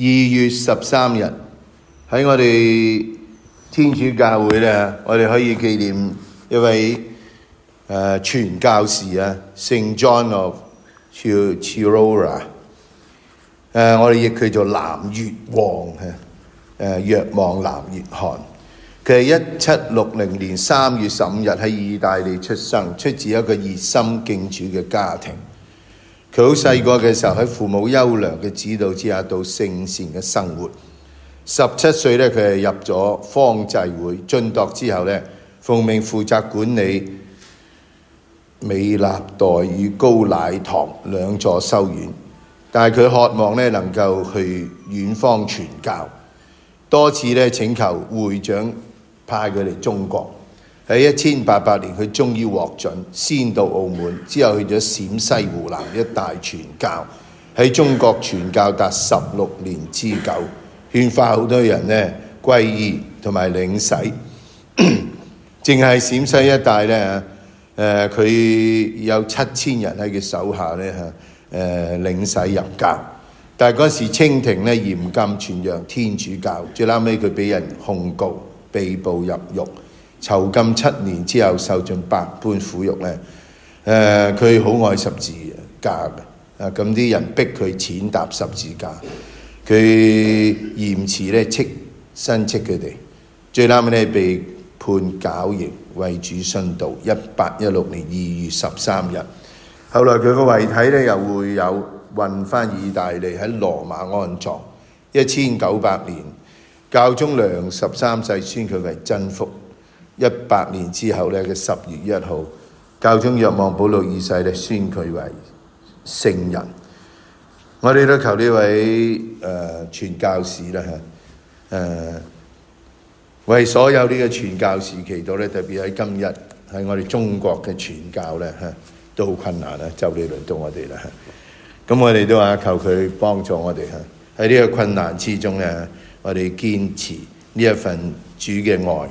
二月十三日喺我哋天主教會咧，我哋可以紀念一位誒傳、呃、教士啊，聖 John of Chiorola 誒、呃，我哋亦叫做藍月旺啊，誒若望藍月旺。佢係一七六零年三月十五日喺意大利出生，出自一個熱心敬主嘅家庭。佢好細個嘅時候喺父母優良嘅指導之下，度聖善嘅生活。十七歲呢，佢係入咗方濟會，晉鐸之後呢，奉命負責管理美納代與高乃堂兩座修院。但係佢渴望呢，能夠去遠方傳教，多次呢，請求會長派佢嚟中國。喺一千八百年，佢終於獲准，先到澳門，之後去咗陝西、湖南一帶傳教，喺中國傳教達十六年之久，勸化好多人咧皈依同埋領洗。淨係陝西一帶咧，誒、呃、佢有七千人喺佢手下咧嚇，誒、呃、領洗入教。但係嗰時清廷咧嚴禁傳揚天主教，最撚尾佢俾人控告、被捕入獄。囚禁七年之後，受盡百般苦辱呢誒，佢、呃、好愛十字架嘅，咁、啊、啲人逼佢踐踏十字架，佢言辭呢，斥，申斥佢哋。最啱尾呢被判絞刑，為主殉道。一八一六年二月十三日，後來佢個遺體呢，又會有運翻意大利喺羅馬安葬。一千九百年，教宗良十三世尊佢為真福。一百年之後咧，佢十月一號，教宗若望保祿二世咧宣佢為聖人。我哋都求呢位誒傳、呃、教士啦嚇，誒、啊、為所有呢個傳教士祈禱。咧，特別喺今日喺我哋中國嘅傳教咧嚇、啊、都好困難輪啊！就嚟輪到我哋啦，咁我哋都話求佢幫助我哋嚇，喺呢個困難之中咧、啊，我哋堅持呢一份主嘅愛。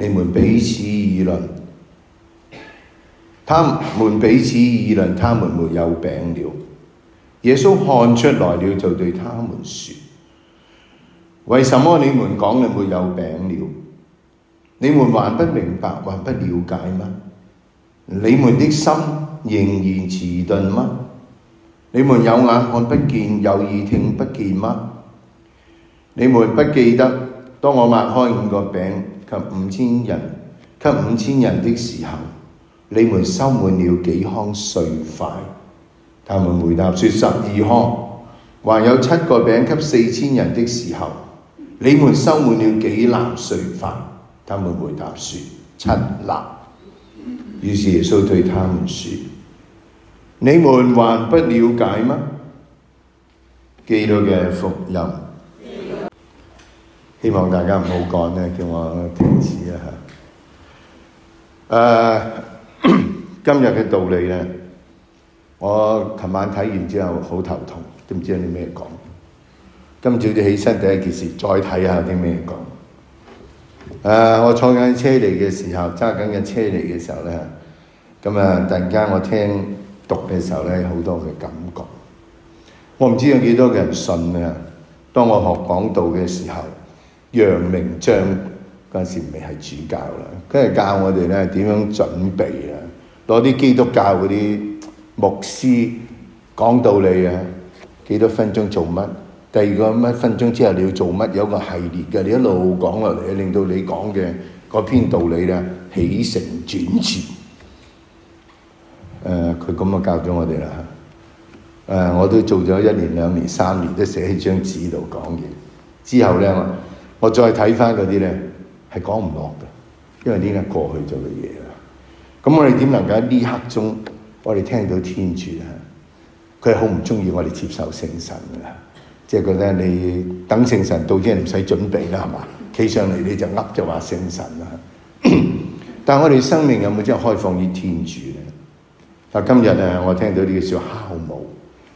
你們彼此議論，他們彼此議論，他們沒有餅了。耶穌看出來了，就對他們說：為什麼你們講你們沒有餅了？你們還不明白，還不了解嗎？你們的心仍然遲鈍嗎？你們有眼看不見，有耳聽不見嗎？你們不記得當我擘開五個餅？給五千人，給五千人的時候，你們收滿了幾筐碎塊？他們回答說十二筐。還有七個餅給四千人的時候，你們收滿了幾籃碎塊？他們回答說七籃。於是耶穌對他們說：你們還不了解嗎？基督嘅福音。希望大家唔好講呢，叫我停止啊嚇！誒、uh, 今日嘅道理呢，我琴晚睇完之後好頭痛，都唔知有啲咩講。今朝早起身第一件事，再睇下啲咩講。誒、uh,，我坐緊車嚟嘅時候，揸緊嘅車嚟嘅時候呢，咁啊，突然間我聽讀嘅時候呢，好多嘅感覺。我唔知有幾多嘅人信啊！當我學講道嘅時候。楊明章嗰陣時未係主教啦，跟住教我哋咧點樣準備啊，攞啲基督教嗰啲牧師講道理啊，幾多分鐘做乜？第二個乜分鐘之後你要做乜？有個系列嘅，你一路講落嚟，令到你講嘅嗰篇道理咧起承轉結。誒，佢咁啊教咗我哋啦。誒，我都做咗一年、兩年、三年，都寫喺張紙度講嘢。之後咧，我～我再睇翻嗰啲咧，係講唔落嘅，因為呢個過去咗嘅嘢啦。咁我哋點能夠喺呢刻中，我哋聽到天主啊，佢係好唔中意我哋接受聖神嘅，即係覺得你等聖神到即係唔使準備啦，係嘛？企上嚟你就噏就話聖神啦。 但係我哋生命有冇真係開放於天主咧？啊，今日啊，我聽到呢個小酵母，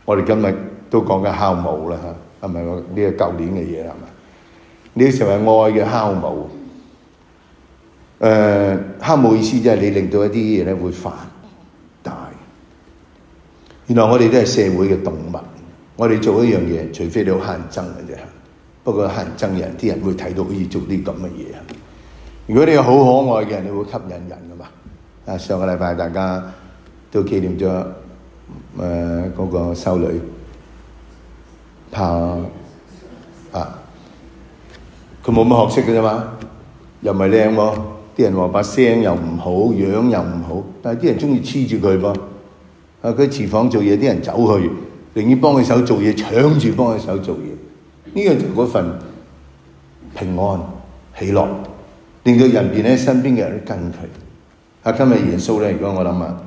我哋今日都講緊酵母啦，嚇係咪？呢個舊年嘅嘢啦，係你要成為愛嘅酵母，誒，酵母意思即係你令到一啲嘢咧會放大。原來我哋都係社會嘅動物，我哋做一樣嘢，除非你好乞人憎嗰隻，不過乞人憎人啲人會睇到，可以做啲咁乜嘢。如果你有好可愛嘅人，你會吸引人噶嘛？啊，上個禮拜大家都紀念咗誒嗰個修女帕啊。佢冇乜學識嘅啫嘛，又唔係靚喎，啲人話把聲又唔好，樣又唔好，但係啲人鍾意黐住佢噃。啊，佢喺廚房做嘢，啲人走去，寧願幫佢手做嘢，搶住幫佢手做嘢。呢個就嗰份平安喜樂，令到人邊咧身邊嘅人都跟佢。啊，今日耶穌咧，如果我諗啊，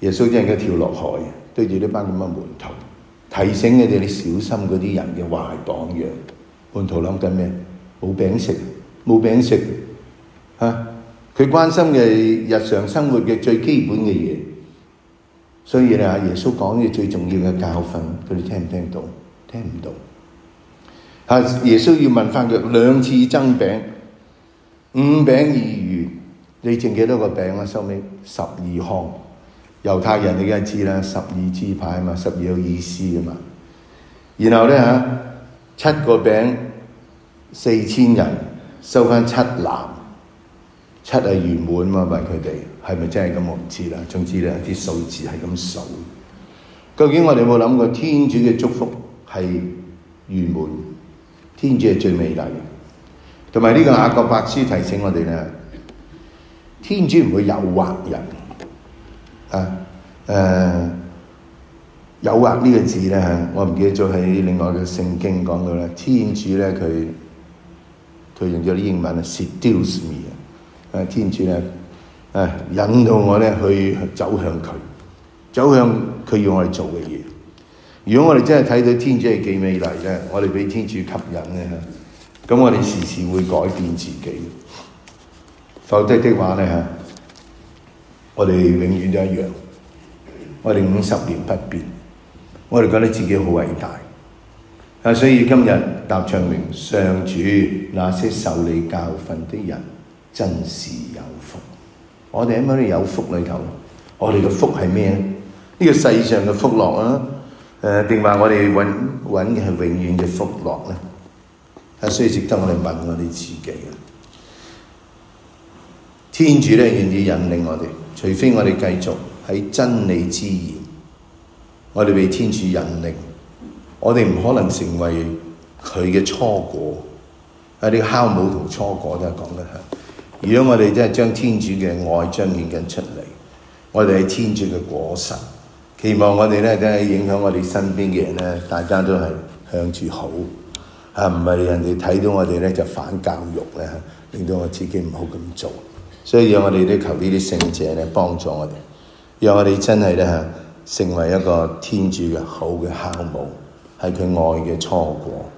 耶穌真係跳落海，對住呢班咁嘅門徒，提醒佢哋你小心嗰啲人嘅壞榜樣。門徒諗緊咩？冇餅食，冇餅食，嚇！佢關心嘅日常生活嘅最基本嘅嘢，所以咧嚇，耶穌講嘅最重要嘅教訓，佢哋聽唔聽到？聽唔到？嚇！耶穌要問翻佢兩次增餅，五餅二魚，你剩幾多個餅啊？收尾十二項，猶太人你梗係知啦，十二支派嘛，十二有意思噶嘛。然後咧嚇，七個餅。四千人收翻七男，七係圓滿啊嘛？問佢哋係咪真係咁？我唔知啦。總之咧，啲數字係咁數。究竟我哋有冇諗過天主嘅祝福係圓滿？天主係最美麗。同埋呢個雅各伯書提醒我哋咧，天主唔會誘惑人。啊誒，誘惑呢個字咧吓，我唔記得咗喺另外嘅聖經講到咧，天主咧佢。佢用咗啲英文啊，seduce me 啊！天主咧啊，引導我咧去走向佢，走向佢要我哋做嘅嘢。如果我哋真係睇到天主係幾美麗嘅，我哋俾天主吸引嘅嚇，啊、咁我哋時時會改變自己。否則的話咧嚇、啊，我哋永遠都一樣，我哋五十年不變，我哋覺得自己好偉大。啊！所以今日答唱詠，上主，那些受你教訓的人真是有福。我哋喺嗰啲有福裏頭，我哋嘅福係咩啊？呢、這個世上嘅福樂啊，定並話我哋揾揾嘅係永遠嘅福樂呢、啊？所以值得我哋問我哋自己。天主咧願意引領我哋，除非我哋繼續喺真理之言，我哋被天主引領。我哋唔可能成為佢嘅初果。一啲酵母同初果都係講得嚇。如果我哋真係將天主嘅愛彰顯緊出嚟，我哋係天主嘅果實。期望我哋咧，真係影響我哋身邊嘅人咧，大家都係向住好嚇，唔係人哋睇到我哋咧就反教育咧，令到我自己唔好咁做。所以讓我哋都求呢啲聖者嚟幫助我哋，讓我哋真係咧嚇成為一個天主嘅好嘅酵母。係佢愛嘅錯過。